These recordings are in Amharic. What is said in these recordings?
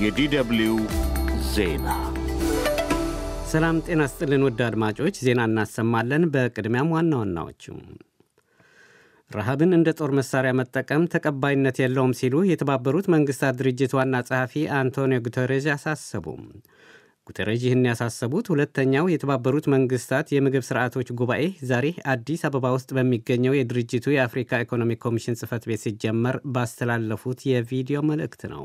የዲደብልዩ ዜና ሰላም ጤና ስጥልን። ውድ አድማጮች ዜና እናሰማለን። በቅድሚያም ዋና ዋናዎቹ ረሃብን እንደ ጦር መሳሪያ መጠቀም ተቀባይነት የለውም ሲሉ የተባበሩት መንግስታት ድርጅት ዋና ጸሐፊ አንቶኒዮ ጉተሬዥ አሳሰቡ። ጉተሬዥ ይህን ያሳሰቡት ሁለተኛው የተባበሩት መንግስታት የምግብ ስርዓቶች ጉባኤ ዛሬ አዲስ አበባ ውስጥ በሚገኘው የድርጅቱ የአፍሪካ ኢኮኖሚክ ኮሚሽን ጽፈት ቤት ሲጀመር ባስተላለፉት የቪዲዮ መልእክት ነው።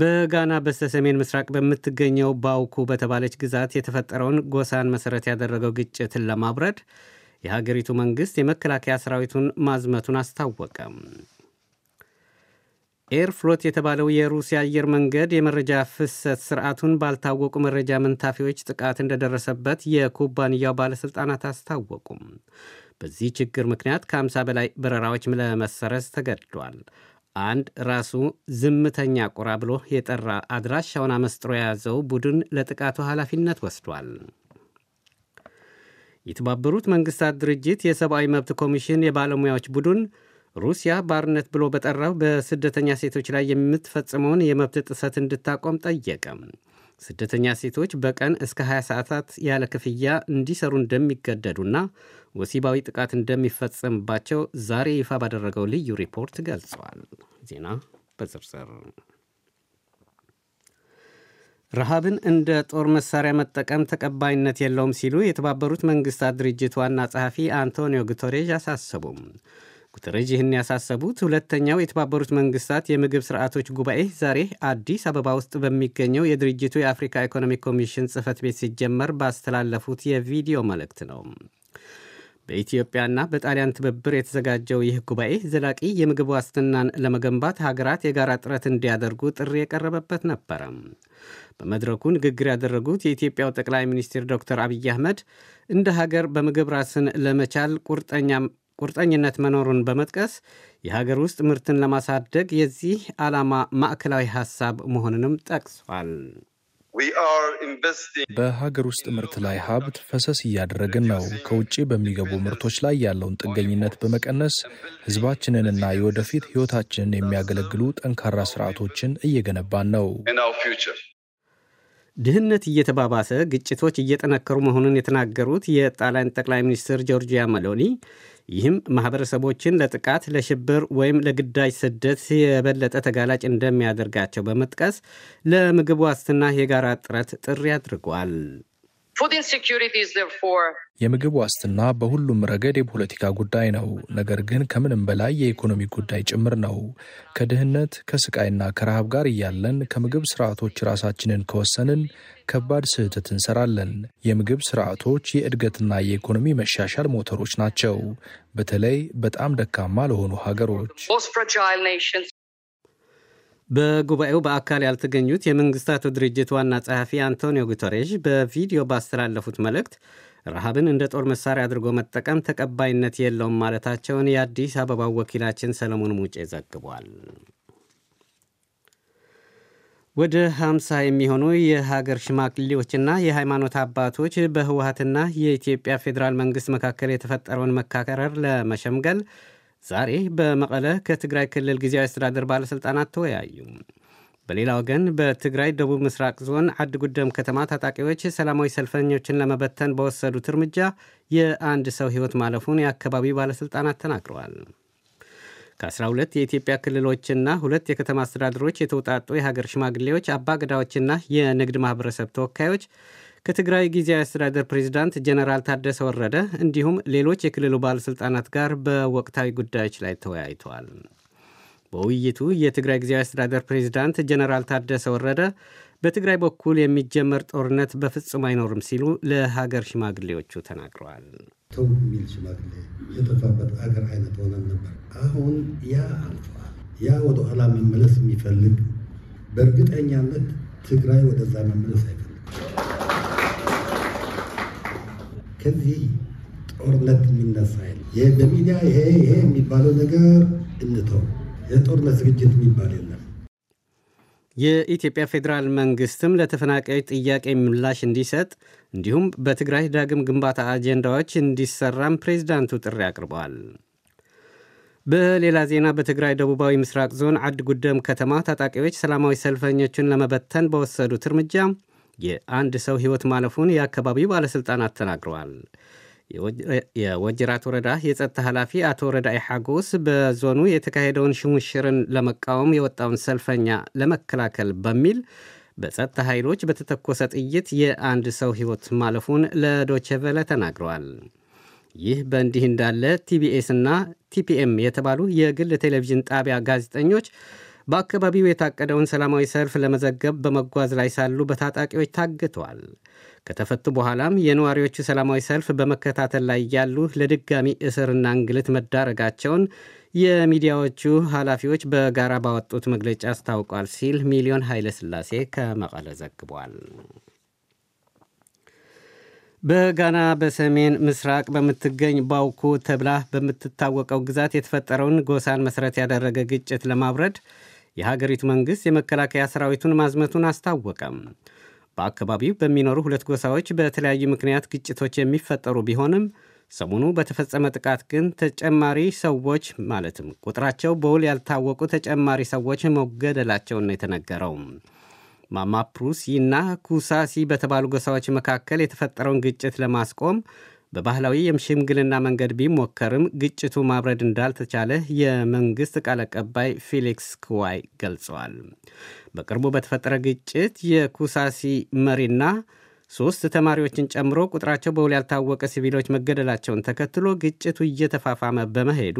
በጋና በስተ ሰሜን ምስራቅ በምትገኘው ባውኩ በተባለች ግዛት የተፈጠረውን ጎሳን መሠረት ያደረገው ግጭትን ለማብረድ የሀገሪቱ መንግሥት የመከላከያ ሰራዊቱን ማዝመቱን አስታወቀ። ኤር ፍሎት የተባለው የሩሲያ አየር መንገድ የመረጃ ፍሰት ስርዓቱን ባልታወቁ መረጃ መንታፊዎች ጥቃት እንደደረሰበት የኩባንያው ባለሥልጣናት አስታወቁም። በዚህ ችግር ምክንያት ከ50 በላይ በረራዎች ለመሰረዝ ተገድዷል። አንድ ራሱ ዝምተኛ ቁራ ብሎ የጠራ አድራሻውን አመስጥሮ የያዘው ቡድን ለጥቃቱ ኃላፊነት ወስዷል። የተባበሩት መንግስታት ድርጅት የሰብአዊ መብት ኮሚሽን የባለሙያዎች ቡድን ሩሲያ ባርነት ብሎ በጠራው በስደተኛ ሴቶች ላይ የምትፈጽመውን የመብት ጥሰት እንድታቆም ጠየቀ። ስደተኛ ሴቶች በቀን እስከ 20 ሰዓታት ያለ ክፍያ እንዲሰሩ እንደሚገደዱና ወሲባዊ ጥቃት እንደሚፈጸምባቸው ዛሬ ይፋ ባደረገው ልዩ ሪፖርት ገልጿል። ዜና በዝርዝር ረሃብን እንደ ጦር መሳሪያ መጠቀም ተቀባይነት የለውም ሲሉ የተባበሩት መንግስታት ድርጅት ዋና ጸሐፊ አንቶኒዮ ጉተሬዥ አሳሰቡም። ጉተሬዥ ይህን ያሳሰቡት ሁለተኛው የተባበሩት መንግስታት የምግብ ስርዓቶች ጉባኤ ዛሬ አዲስ አበባ ውስጥ በሚገኘው የድርጅቱ የአፍሪካ ኢኮኖሚክ ኮሚሽን ጽህፈት ቤት ሲጀመር ባስተላለፉት የቪዲዮ መልእክት ነው። በኢትዮጵያና በጣሊያን ትብብር የተዘጋጀው ይህ ጉባኤ ዘላቂ የምግብ ዋስትናን ለመገንባት ሀገራት የጋራ ጥረት እንዲያደርጉ ጥሪ የቀረበበት ነበረ። በመድረኩ ንግግር ያደረጉት የኢትዮጵያው ጠቅላይ ሚኒስትር ዶክተር አብይ አህመድ እንደ ሀገር በምግብ ራስን ለመቻል ቁርጠኝነት መኖሩን በመጥቀስ የሀገር ውስጥ ምርትን ለማሳደግ የዚህ ዓላማ ማዕከላዊ ሐሳብ መሆንንም ጠቅሷል። በሀገር ውስጥ ምርት ላይ ሀብት ፈሰስ እያደረግን ነው። ከውጭ በሚገቡ ምርቶች ላይ ያለውን ጥገኝነት በመቀነስ ህዝባችንንና የወደፊት ህይወታችንን የሚያገለግሉ ጠንካራ ስርዓቶችን እየገነባን ነው። ድህነት እየተባባሰ ግጭቶች እየጠነከሩ መሆኑን የተናገሩት የጣሊያን ጠቅላይ ሚኒስትር ጆርጂያ መሎኒ ይህም ማህበረሰቦችን ለጥቃት፣ ለሽብር ወይም ለግዳጅ ስደት የበለጠ ተጋላጭ እንደሚያደርጋቸው በመጥቀስ ለምግብ ዋስትና የጋራ ጥረት ጥሪ አድርጓል። የምግብ ዋስትና በሁሉም ረገድ የፖለቲካ ጉዳይ ነው። ነገር ግን ከምንም በላይ የኢኮኖሚ ጉዳይ ጭምር ነው። ከድህነት ከስቃይና ከረሃብ ጋር እያለን ከምግብ ስርዓቶች ራሳችንን ከወሰንን ከባድ ስህተት እንሰራለን። የምግብ ስርዓቶች የእድገትና የኢኮኖሚ መሻሻል ሞተሮች ናቸው፣ በተለይ በጣም ደካማ ለሆኑ ሀገሮች በጉባኤው በአካል ያልተገኙት የመንግስታቱ ድርጅት ዋና ጸሐፊ አንቶኒዮ ጉተሬዥ በቪዲዮ ባስተላለፉት መልእክት ረሃብን እንደ ጦር መሳሪያ አድርጎ መጠቀም ተቀባይነት የለውም ማለታቸውን የአዲስ አበባው ወኪላችን ሰለሞን ሙጬ ዘግቧል። ወደ 50 የሚሆኑ የሀገር ሽማግሌዎችና የሃይማኖት አባቶች በህወሀትና የኢትዮጵያ ፌዴራል መንግሥት መካከል የተፈጠረውን መካከረር ለመሸምገል ዛሬ በመቀለ ከትግራይ ክልል ጊዜያዊ አስተዳደር ባለሥልጣናት ተወያዩ። በሌላ ወገን በትግራይ ደቡብ ምስራቅ ዞን ዓዲ ጉደም ከተማ ታጣቂዎች ሰላማዊ ሰልፈኞችን ለመበተን በወሰዱት እርምጃ የአንድ ሰው ሕይወት ማለፉን የአካባቢው ባለሥልጣናት ተናግረዋል። ከ12 የኢትዮጵያ ክልሎችና ሁለት የከተማ አስተዳደሮች የተውጣጡ የሀገር ሽማግሌዎች፣ አባገዳዎችና የንግድ ማኅበረሰብ ተወካዮች ከትግራይ ጊዜያዊ አስተዳደር ፕሬዚዳንት ጀነራል ታደሰ ወረደ እንዲሁም ሌሎች የክልሉ ባለሥልጣናት ጋር በወቅታዊ ጉዳዮች ላይ ተወያይተዋል። በውይይቱ የትግራይ ጊዜያዊ አስተዳደር ፕሬዚዳንት ጀነራል ታደሰ ወረደ በትግራይ በኩል የሚጀመር ጦርነት በፍጹም አይኖርም ሲሉ ለሀገር ሽማግሌዎቹ ተናግረዋል። ተው የሚል ሽማግሌ የጠፋበት አገር አይነት ሆነን ነበር። አሁን ያ አልፈዋል። ያ ኋላ መመለስ የሚፈልግ በእርግጠኛነት ትግራይ ወደዛ መመለስ አይፈልግም። ከዚህ ጦርነት የሚነሳ ይሄ በሚዲያ ይሄ ይሄ የሚባለው ነገር እንተው። የጦርነት ዝግጅት የሚባል የለም። የኢትዮጵያ ፌዴራል መንግስትም ለተፈናቃዮች ጥያቄ ምላሽ እንዲሰጥ እንዲሁም በትግራይ ዳግም ግንባታ አጀንዳዎች እንዲሰራም ፕሬዚዳንቱ ጥሪ አቅርበዋል። በሌላ ዜና በትግራይ ደቡባዊ ምስራቅ ዞን አድ ጉደም ከተማ ታጣቂዎች ሰላማዊ ሰልፈኞችን ለመበተን በወሰዱት እርምጃ የአንድ ሰው ሕይወት ማለፉን የአካባቢው ባለሥልጣናት ተናግረዋል። የወጅራት ወረዳ የጸጥታ ኃላፊ አቶ ረዳኢ ሓጎስ በዞኑ የተካሄደውን ሽሙሽርን ለመቃወም የወጣውን ሰልፈኛ ለመከላከል በሚል በጸጥታ ኃይሎች በተተኮሰ ጥይት የአንድ ሰው ሕይወት ማለፉን ለዶቸቨለ ተናግረዋል። ይህ በእንዲህ እንዳለ ቲቢኤስ እና ቲፒኤም የተባሉ የግል ቴሌቪዥን ጣቢያ ጋዜጠኞች በአካባቢው የታቀደውን ሰላማዊ ሰልፍ ለመዘገብ በመጓዝ ላይ ሳሉ በታጣቂዎች ታግተዋል። ከተፈቱ በኋላም የነዋሪዎቹ ሰላማዊ ሰልፍ በመከታተል ላይ ያሉ ለድጋሚ እስርና እንግልት መዳረጋቸውን የሚዲያዎቹ ኃላፊዎች በጋራ ባወጡት መግለጫ አስታውቋል ሲል ሚሊዮን ኃይለሥላሴ ከመቀለ ዘግቧል። በጋና በሰሜን ምስራቅ በምትገኝ ባውኮ ተብላ በምትታወቀው ግዛት የተፈጠረውን ጎሳን መሠረት ያደረገ ግጭት ለማብረድ የሀገሪቱ መንግሥት የመከላከያ ሰራዊቱን ማዝመቱን አስታወቀም። በአካባቢው በሚኖሩ ሁለት ጎሳዎች በተለያዩ ምክንያት ግጭቶች የሚፈጠሩ ቢሆንም ሰሞኑ በተፈጸመ ጥቃት ግን ተጨማሪ ሰዎች ማለትም ቁጥራቸው በውል ያልታወቁ ተጨማሪ ሰዎች መገደላቸውን ነው የተነገረው። ማማፕሩሲ እና ኩሳሲ በተባሉ ጎሳዎች መካከል የተፈጠረውን ግጭት ለማስቆም በባህላዊ የሽምግልና መንገድ ቢሞከርም ግጭቱ ማብረድ እንዳልተቻለ የመንግሥት ቃል አቀባይ ፊሊክስ ክዋይ ገልጸዋል። በቅርቡ በተፈጠረ ግጭት የኩሳሲ መሪና ሦስት ተማሪዎችን ጨምሮ ቁጥራቸው በውል ያልታወቀ ሲቪሎች መገደላቸውን ተከትሎ ግጭቱ እየተፋፋመ በመሄዱ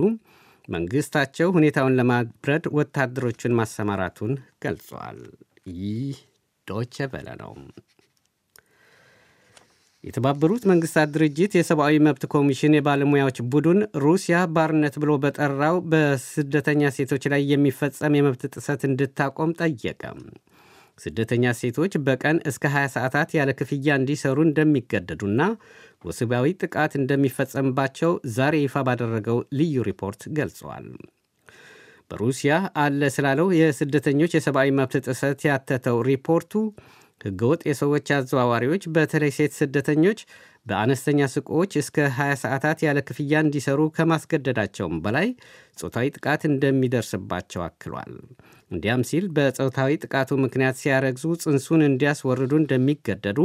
መንግሥታቸው ሁኔታውን ለማብረድ ወታደሮቹን ማሰማራቱን ገልጿል። ይህ ዶቼ ቬለ ነው። የተባበሩት መንግስታት ድርጅት የሰብአዊ መብት ኮሚሽን የባለሙያዎች ቡድን ሩሲያ ባርነት ብሎ በጠራው በስደተኛ ሴቶች ላይ የሚፈጸም የመብት ጥሰት እንድታቆም ጠየቀ። ስደተኛ ሴቶች በቀን እስከ 20 ሰዓታት ያለ ክፍያ እንዲሰሩ እንደሚገደዱና ወሲባዊ ጥቃት እንደሚፈጸምባቸው ዛሬ ይፋ ባደረገው ልዩ ሪፖርት ገልጸዋል። በሩሲያ አለ ስላለው የስደተኞች የሰብአዊ መብት ጥሰት ያተተው ሪፖርቱ ህገወጥ የሰዎች አዘዋዋሪዎች በተለይ ሴት ስደተኞች በአነስተኛ ስቆዎች እስከ 20 ሰዓታት ያለ ክፍያ እንዲሰሩ ከማስገደዳቸውም በላይ ጾታዊ ጥቃት እንደሚደርስባቸው አክሏል። እንዲያም ሲል በጾታዊ ጥቃቱ ምክንያት ሲያረግዙ ጽንሱን እንዲያስወርዱ እንደሚገደዱ፣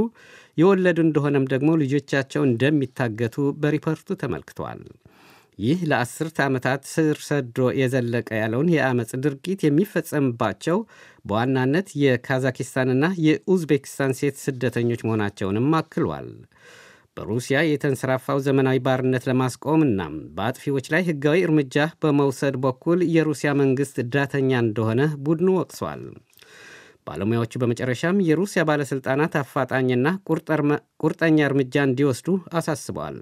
የወለዱ እንደሆነም ደግሞ ልጆቻቸው እንደሚታገቱ በሪፖርቱ ተመልክተዋል። ይህ ለአስርተ ዓመታት ስር ሰዶ የዘለቀ ያለውን የአመፅ ድርጊት የሚፈጸምባቸው በዋናነት የካዛኪስታንና የኡዝቤኪስታን ሴት ስደተኞች መሆናቸውንም አክሏል። በሩሲያ የተንሰራፋው ዘመናዊ ባርነት ለማስቆምና በአጥፊዎች ላይ ሕጋዊ እርምጃ በመውሰድ በኩል የሩሲያ መንግሥት ዳተኛ እንደሆነ ቡድኑ ወቅሷል። ባለሙያዎቹ በመጨረሻም የሩሲያ ባለሥልጣናት አፋጣኝና ቁርጠኛ እርምጃ እንዲወስዱ አሳስበዋል።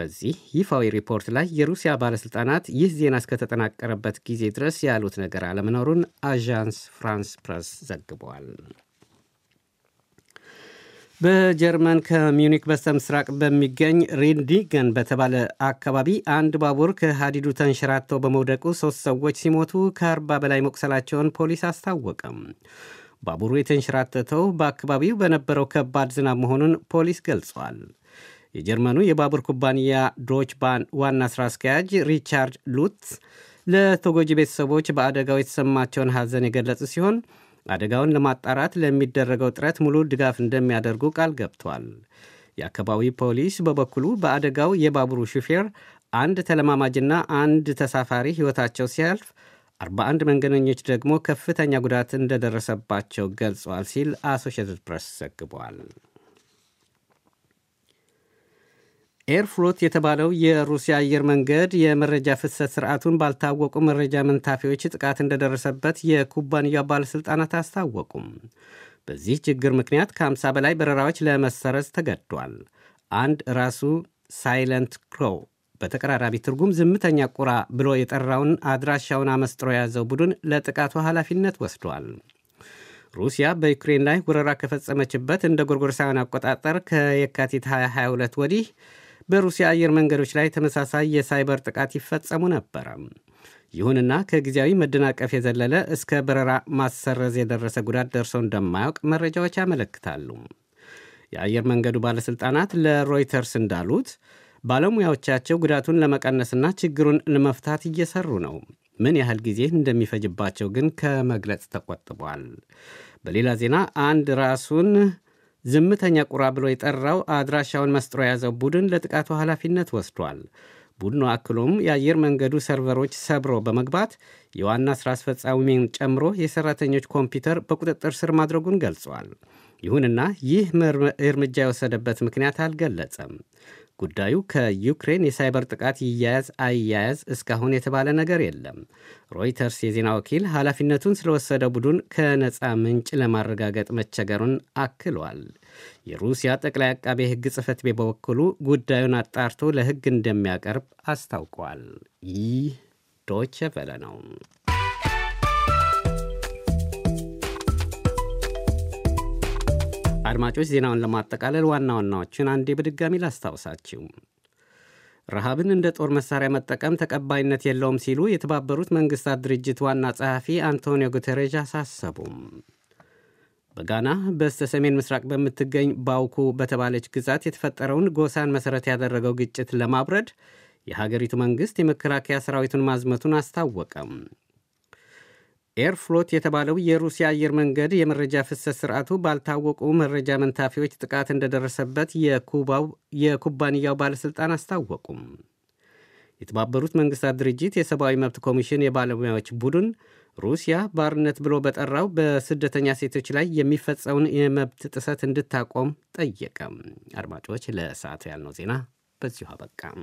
በዚህ ይፋዊ ሪፖርት ላይ የሩሲያ ባለሥልጣናት ይህ ዜና እስከተጠናቀረበት ጊዜ ድረስ ያሉት ነገር አለመኖሩን አዣንስ ፍራንስ ፕረስ ዘግቧል። በጀርመን ከሚዩኒክ በስተ ምስራቅ በሚገኝ ሪንዲገን በተባለ አካባቢ አንድ ባቡር ከሀዲዱ ተንሸራተው በመውደቁ ሦስት ሰዎች ሲሞቱ ከአርባ በላይ መቁሰላቸውን ፖሊስ አስታወቀም። ባቡሩ የተንሸራተተው በአካባቢው በነበረው ከባድ ዝናብ መሆኑን ፖሊስ ገልጿል። የጀርመኑ የባቡር ኩባንያ ዶች ባን ዋና ሥራ አስኪያጅ ሪቻርድ ሉትስ ለተጎጂ ቤተሰቦች በአደጋው የተሰማቸውን ሐዘን የገለጹ ሲሆን አደጋውን ለማጣራት ለሚደረገው ጥረት ሙሉ ድጋፍ እንደሚያደርጉ ቃል ገብቷል። የአካባቢ ፖሊስ በበኩሉ በአደጋው የባቡሩ ሹፌር፣ አንድ ተለማማጅና አንድ ተሳፋሪ ሕይወታቸው ሲያልፍ 41 መንገደኞች ደግሞ ከፍተኛ ጉዳት እንደደረሰባቸው ገልጿል ሲል አሶሽትድ ፕሬስ ዘግቧል። ኤርፍሩት የተባለው የሩሲያ አየር መንገድ የመረጃ ፍሰት ስርዓቱን ባልታወቁ መረጃ መንታፊዎች ጥቃት እንደደረሰበት የኩባንያው ባለሥልጣናት አስታወቁም። በዚህ ችግር ምክንያት ከ50 በላይ በረራዎች ለመሰረዝ ተገዷል። አንድ ራሱ ሳይለንት ክሮው በተቀራራቢ ትርጉም ዝምተኛ ቁራ ብሎ የጠራውን አድራሻውን አመስጥሮ የያዘው ቡድን ለጥቃቱ ኃላፊነት ወስዷል። ሩሲያ በዩክሬን ላይ ወረራ ከፈጸመችበት እንደ ጎርጎርሳውያን አቆጣጠር ከየካቲት 2022 ወዲህ በሩሲያ አየር መንገዶች ላይ ተመሳሳይ የሳይበር ጥቃት ይፈጸሙ ነበረ። ይሁንና ከጊዜያዊ መደናቀፍ የዘለለ እስከ በረራ ማሰረዝ የደረሰ ጉዳት ደርሶ እንደማያውቅ መረጃዎች ያመለክታሉ። የአየር መንገዱ ባለሥልጣናት ለሮይተርስ እንዳሉት ባለሙያዎቻቸው ጉዳቱን ለመቀነስና ችግሩን ለመፍታት እየሰሩ ነው። ምን ያህል ጊዜ እንደሚፈጅባቸው ግን ከመግለጽ ተቆጥቧል። በሌላ ዜና አንድ ራሱን ዝምተኛ ቁራ ብሎ የጠራው አድራሻውን መስጥሮ የያዘው ቡድን ለጥቃቱ ኃላፊነት ወስዷል። ቡድኑ አክሎም የአየር መንገዱ ሰርቨሮች ሰብሮ በመግባት የዋና ሥራ አስፈጻሚን ጨምሮ የሠራተኞች ኮምፒውተር በቁጥጥር ስር ማድረጉን ገልጿል። ይሁንና ይህ እርምጃ የወሰደበት ምክንያት አልገለጸም። ጉዳዩ ከዩክሬን የሳይበር ጥቃት ይያያዝ አይያያዝ እስካሁን የተባለ ነገር የለም። ሮይተርስ የዜና ወኪል ኃላፊነቱን ስለወሰደ ቡድን ከነፃ ምንጭ ለማረጋገጥ መቸገሩን አክሏል። የሩሲያ ጠቅላይ አቃቤ ሕግ ጽሕፈት ቤት በበኩሉ ጉዳዩን አጣርቶ ለሕግ እንደሚያቀርብ አስታውቋል። ይህ ዶይቼ ቬለ ነው። አድማጮች ዜናውን ለማጠቃለል ዋና ዋናዎችን አንዴ በድጋሚ ላስታውሳችው ረሃብን እንደ ጦር መሳሪያ መጠቀም ተቀባይነት የለውም ሲሉ የተባበሩት መንግስታት ድርጅት ዋና ጸሐፊ አንቶኒዮ ጉተሬዥ አሳሰቡም። በጋና በስተ ሰሜን ምስራቅ በምትገኝ ባውኩ በተባለች ግዛት የተፈጠረውን ጎሳን መሠረት ያደረገው ግጭት ለማብረድ የሀገሪቱ መንግሥት የመከላከያ ሰራዊቱን ማዝመቱን አስታወቀም። ኤርፍሎት የተባለው የሩሲያ አየር መንገድ የመረጃ ፍሰት ስርዓቱ ባልታወቁ መረጃ መንታፊዎች ጥቃት እንደደረሰበት የኩባንያው ባለሥልጣን አስታወቁም። የተባበሩት መንግሥታት ድርጅት የሰብአዊ መብት ኮሚሽን የባለሙያዎች ቡድን ሩሲያ ባርነት ብሎ በጠራው በስደተኛ ሴቶች ላይ የሚፈጸውን የመብት ጥሰት እንድታቆም ጠየቀም። አድማጮች፣ ለሰዓቱ ያልነው ዜና በዚሁ አበቃም።